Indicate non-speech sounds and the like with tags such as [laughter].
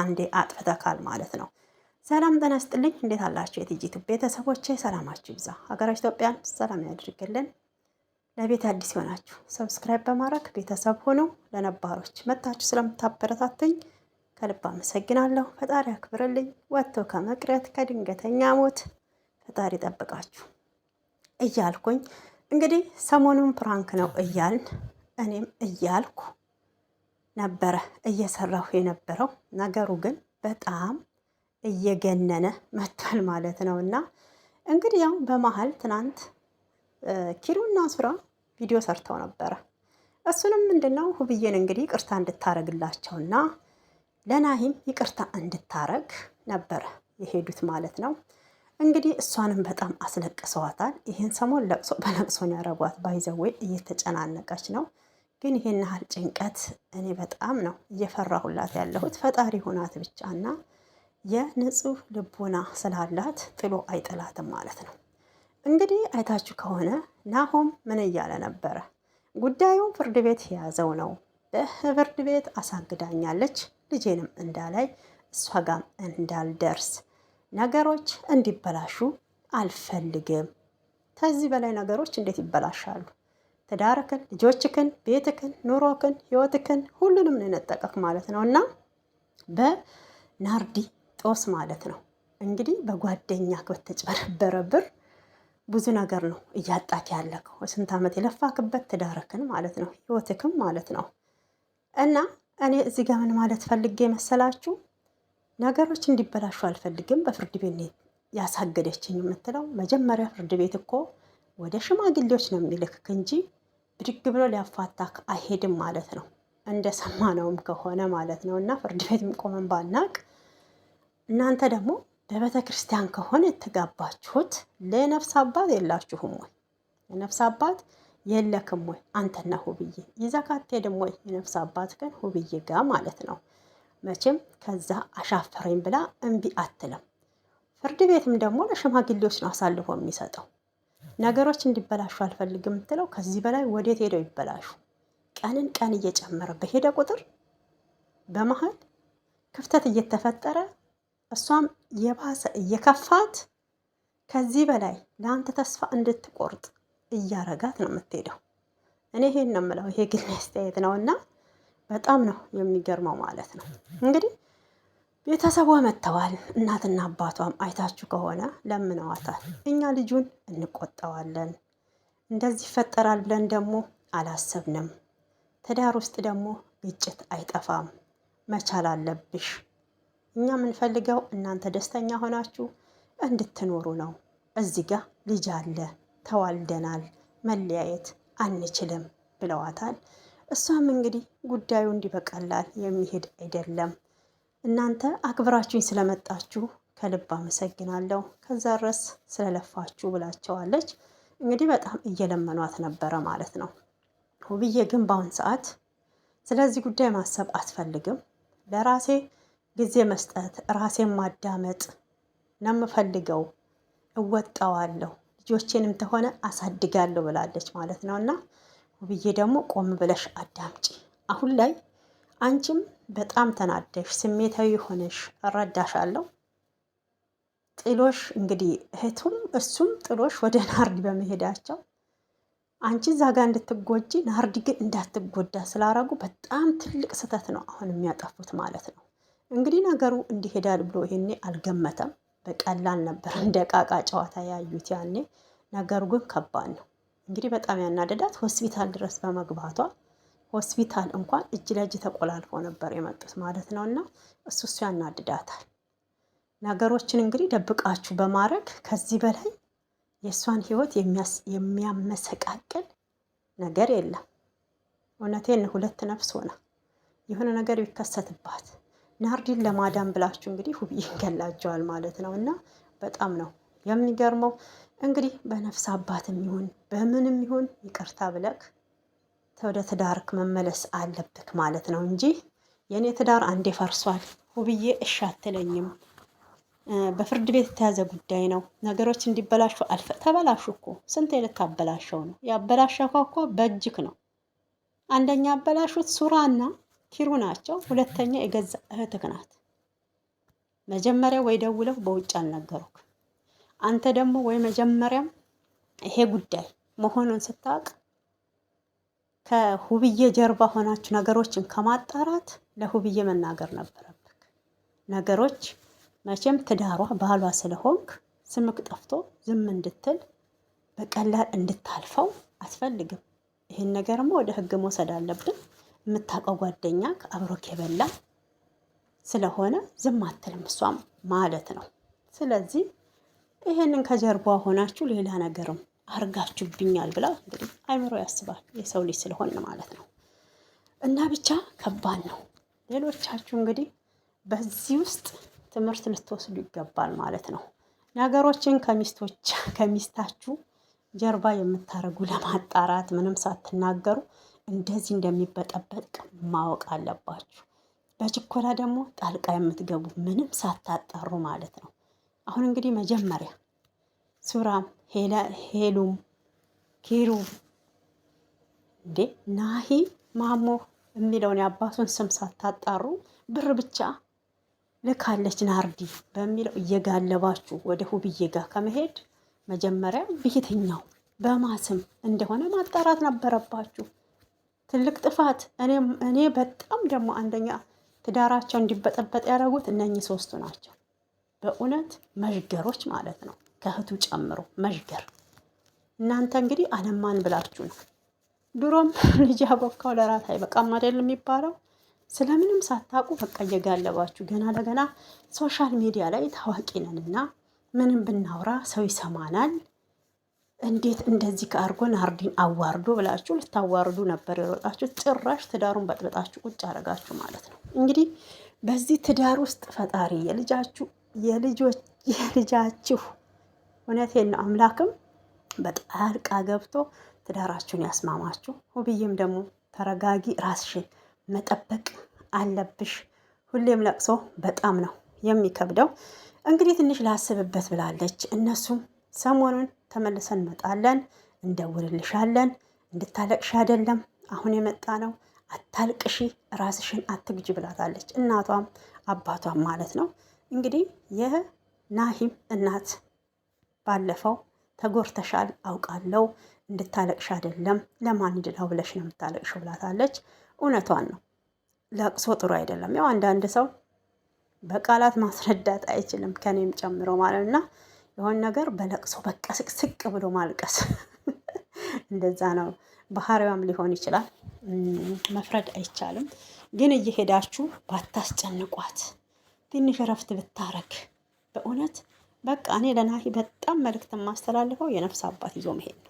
አንዴ አጥፍተካል ማለት ነው። ሰላም ጤና ይስጥልኝ። እንዴት አላችሁ? የትጂቱ ቤተሰቦቼ ሰላማችሁ ይብዛ። ሀገራችን ኢትዮጵያን ሰላም ያድርግልን። ለቤት አዲስ የሆናችሁ ሰብስክራይብ በማድረግ ቤተሰብ ሆኖ ለነባሮች መታችሁ ስለምታበረታትኝ ከልብ አመሰግናለሁ። ፈጣሪ አክብርልኝ። ወጥቶ ከመቅረት ከድንገተኛ ሞት ፈጣሪ ጠብቃችሁ እያልኩኝ እንግዲህ ሰሞኑን ፕራንክ ነው እያልን እኔም እያልኩ ነበረ እየሰራሁ የነበረው። ነገሩ ግን በጣም እየገነነ መጥቷል ማለት ነው። እና እንግዲህ ያው በመሀል ትናንት ኪሩና ሱራ ቪዲዮ ሰርተው ነበረ። እሱንም ምንድነው ሁብዬን እንግዲህ ይቅርታ ና ለናሂም ይቅርታ እንድታረግ ነበረ የሄዱት ማለት ነው። እንግዲህ እሷንም በጣም አስለቅሰዋታል። ይህን ሰሞን ለቅሶ በለቅሶን ያረጓት ባይዘዌ እየተጨናነቀች ነው። ግን ይሄን ያህል ጭንቀት እኔ በጣም ነው እየፈራሁላት ያለሁት። ፈጣሪ ሁናት ብቻና የንጹህ ልቦና ስላላት ጥሎ አይጥላትም ማለት ነው። እንግዲህ አይታችሁ ከሆነ ናሆም ምን እያለ ነበረ? ጉዳዩም ፍርድ ቤት የያዘው ነው። በፍርድ ቤት አሳግዳኛለች፣ ልጄንም እንዳላይ እሷ ጋም እንዳልደርስ ነገሮች እንዲበላሹ አልፈልግም። ከዚህ በላይ ነገሮች እንዴት ይበላሻሉ? ትዳርክን፣ ልጆችክን፣ ቤትክን፣ ኑሮክን፣ ህይወትክን ሁሉንም ነው ማለት ነው እና በናርዲ ጦስ ማለት ነው እንግዲህ በጓደኛክ በተጭበረበረ ብር ብዙ ነገር ነው እያጣክ ያለከው ስንት ዓመት የለፋክበት ትዳርክን ማለት ነው ህይወትክም ማለት ነው እና እኔ እዚህ ጋር ምን ማለት ፈልጌ መሰላችሁ ነገሮች እንዲበላሹ አልፈልግም። በፍርድ ቤት ያሳገደችኝ የምትለው መጀመሪያ ፍርድ ቤት እኮ ወደ ሽማግሌዎች ነው የሚልክክ እንጂ ብድግ ብሎ ሊያፋታክ አይሄድም ማለት ነው። እንደሰማነውም ከሆነ ማለት ነው። እና ፍርድ ቤትም ቆመን ባናቅ እናንተ ደግሞ በቤተ ክርስቲያን ከሆነ የተጋባችሁት ለነፍስ አባት የላችሁም ወይ? ለነፍስ አባት የለክም ወይ? አንተና ሁብዬ ይዘካቴ ደግሞ የነፍስ አባት ግን ሁብዬ ጋር ማለት ነው። መቼም ከዛ አሻፈረኝ ብላ እምቢ አትለም። ፍርድ ቤትም ደግሞ ለሽማግሌዎች ነው አሳልፎ የሚሰጠው። ነገሮች እንዲበላሹ አልፈልግም የምትለው ከዚህ በላይ ወዴት ሄደው ይበላሹ። ቀንን ቀን እየጨመረ በሄደ ቁጥር በመሀል ክፍተት እየተፈጠረ እሷም የባሰ እየከፋት ከዚህ በላይ ለአንተ ተስፋ እንድትቆርጥ እያረጋት ነው የምትሄደው። እኔ ይሄን ነው የምለው። ይሄ ግን አስተያየት ነው እና በጣም ነው የሚገርመው ማለት ነው እንግዲህ ቤተሰቧ መጥተዋል። እናትና አባቷም አይታችሁ ከሆነ ለምነዋታል። እኛ ልጁን እንቆጠዋለን። እንደዚህ ይፈጠራል ብለን ደግሞ አላሰብንም። ትዳር ውስጥ ደግሞ ግጭት አይጠፋም። መቻል አለብሽ። እኛ የምንፈልገው እናንተ ደስተኛ ሆናችሁ እንድትኖሩ ነው። እዚህ ጋ ልጅ አለ፣ ተዋልደናል፣ መለያየት አንችልም ብለዋታል። እሷም እንግዲህ ጉዳዩ እንዲህ በቀላል የሚሄድ አይደለም እናንተ አክብራችሁኝ ስለመጣችሁ ከልብ አመሰግናለሁ፣ ከዛ ድረስ ስለለፋችሁ ብላቸዋለች። እንግዲህ በጣም እየለመኗት ነበረ ማለት ነው። ውብዬ ግን በአሁን ሰዓት ስለዚህ ጉዳይ ማሰብ አትፈልግም። ለራሴ ጊዜ መስጠት፣ ራሴን ማዳመጥ ነው የምፈልገው። እወጣዋለሁ፣ ልጆቼንም ተሆነ አሳድጋለሁ ብላለች ማለት ነው። እና ውብዬ ደግሞ ቆም ብለሽ አዳምጪ አሁን ላይ አንቺም በጣም ተናደሽ ስሜታዊ ሆነሽ እረዳሻለሁ። ጥሎሽ እንግዲህ እህቱም እሱም ጥሎሽ ወደ ናርድ በመሄዳቸው አንቺ እዛ ጋር እንድትጎጂ ናርድ ግን እንዳትጎዳ ስላረጉ በጣም ትልቅ ስህተት ነው አሁን የሚያጠፉት ማለት ነው። እንግዲህ ነገሩ እንዲሄዳል ብሎ ይሄኔ አልገመተም። በቀላል ነበር እንደ ቃቃ ጨዋታ ያዩት ያኔ። ነገሩ ግን ከባድ ነው። እንግዲህ በጣም ያናደዳት ሆስፒታል ድረስ በመግባቷ ሆስፒታል እንኳን እጅ ለእጅ ተቆላልፎ ነበር የመጡት ማለት ነው። እና እሱ እሱ ያናድዳታል። ነገሮችን እንግዲህ ደብቃችሁ በማድረግ ከዚህ በላይ የእሷን ህይወት የሚያመሰቃቅል ነገር የለም። እውነቴን ሁለት ነፍስ ሆና የሆነ ነገር ቢከሰትባት ናርዲን ለማዳን ብላችሁ እንግዲህ ሁብዬ ይገላቸዋል ማለት ነው እና በጣም ነው የሚገርመው። እንግዲህ በነፍስ አባትም ይሁን በምንም ይሁን ይቅርታ ብለክ ወደ ትዳርክ መመለስ አለብክ ማለት ነው እንጂ የእኔ ትዳር አንዴ ፈርሷል ውብዬ እሺ በፍርድ ቤት የተያዘ ጉዳይ ነው፣ ነገሮች እንዲበላሹ አልፈ ተበላሹ እኮ ስንት አይነት ካበላሸው ነው ያበላሸከው እኮ በእጅክ ነው። አንደኛ ያበላሹት ሱራና ኪሩ ናቸው። ሁለተኛ የገዛ እህትክ ናት። መጀመሪያ ወይ ደውለው በውጭ አልነገሩክ። አንተ ደግሞ ወይ መጀመሪያም ይሄ ጉዳይ መሆኑን ስታውቅ ከሁብዬ ጀርባ ሆናችሁ ነገሮችን ከማጣራት ለሁብዬ መናገር ነበረብክ። ነገሮች መቼም ትዳሯ ባሏ ስለሆንክ ስምክ ጠፍቶ ዝም እንድትል በቀላል እንድታልፈው አትፈልግም። ይህን ነገርማ ወደ ህግ መውሰድ አለብን። የምታውቀው ጓደኛ ከአብሮክ የበላ ስለሆነ ዝም አትልም እሷም ማለት ነው። ስለዚህ ይህንን ከጀርባ ሆናችሁ ሌላ ነገርም አርጋችሁብኛል ብላ እንግዲህ አይምሮ ያስባል የሰው ልጅ ስለሆን ማለት ነው። እና ብቻ ከባድ ነው። ሌሎቻችሁ እንግዲህ በዚህ ውስጥ ትምህርት ልትወስዱ ይገባል ማለት ነው። ነገሮችን ከሚስቶች [laughs] ከሚስታችሁ ጀርባ የምታደርጉ ለማጣራት ምንም ሳትናገሩ እንደዚህ እንደሚበጠበጥ ማወቅ አለባችሁ። በችኮላ ደግሞ ጣልቃ የምትገቡ ምንም ሳታጣሩ ማለት ነው። አሁን እንግዲህ መጀመሪያ ሱራም ሄሉም ኪሩም እንዴ ናሂ ማሞ የሚለውን የአባቱን ስም ሳታጣሩ ብር ብቻ ልካለች ናርዲ በሚለው እየጋለባችሁ ወደ ሁብዬ ጋር ከመሄድ መጀመሪያ ቤተኛው በማስም እንደሆነ ማጣራት ነበረባችሁ። ትልቅ ጥፋት። እኔ በጣም ደግሞ አንደኛ ትዳራቸው እንዲበጠበጥ ያደረጉት እነኚህ ሶስቱ ናቸው። በእውነት መዥገሮች ማለት ነው። ከእህቱ ጨምሮ መዥገር። እናንተ እንግዲህ አለማን ብላችሁ ነው። ድሮም ልጅ አቦካው ለራት አይበቃም አይደል የሚባለው? ስለምንም ሳታውቁ በቃ እየጋለባችሁ ገና ለገና ሶሻል ሚዲያ ላይ ታዋቂ ነን እና ምንም ብናውራ ሰው ይሰማናል። እንዴት እንደዚህ ከአርጎን አርዲን አዋርዶ ብላችሁ ልታዋርዱ ነበር የሮጣችሁ። ጭራሽ ትዳሩን በጥበጣችሁ ቁጭ አረጋችሁ ማለት ነው። እንግዲህ በዚህ ትዳር ውስጥ ፈጣሪ የልጃችሁ የልጆች የልጃችሁ እውነቴን ነው። አምላክም በጣልቃ ገብቶ ትዳራችሁን ያስማማችሁ። ሁብዬም ደግሞ ተረጋጊ፣ ራስሽን መጠበቅ አለብሽ። ሁሌም ለቅሶ በጣም ነው የሚከብደው። እንግዲህ ትንሽ ላስብበት ብላለች። እነሱም ሰሞኑን ተመልሰን እንመጣለን፣ እንደውልልሻለን፣ እንድታለቅሽ አይደለም አሁን የመጣ ነው፣ አታልቅሺ፣ ራስሽን አትግጂ ብላታለች። እናቷም አባቷም ማለት ነው እንግዲህ የናሂም እናት ባለፈው ተጎርተሻል አውቃለው እንድታለቅሽ አይደለም ለማን ነው ብለሽ ነው የምታለቅሽ ብላታለች። እውነቷን ነው። ለቅሶ ጥሩ አይደለም። ያው አንዳንድ ሰው በቃላት ማስረዳት አይችልም፣ ከኔም ጨምሮ ማለት እና የሆን ነገር በለቅሶ በቃ ስቅስቅ ብሎ ማልቀስ [laughs] እንደዛ ነው ባህሪዋም ሊሆን ይችላል። መፍረድ አይቻልም። ግን እየሄዳችሁ ባታስጨንቋት፣ ትንሽ እረፍት ብታረግ በእውነት በቃ እኔ ለናሂ በጣም መልእክት የማስተላልፈው የነፍስ አባት ይዞ መሄድ ነው።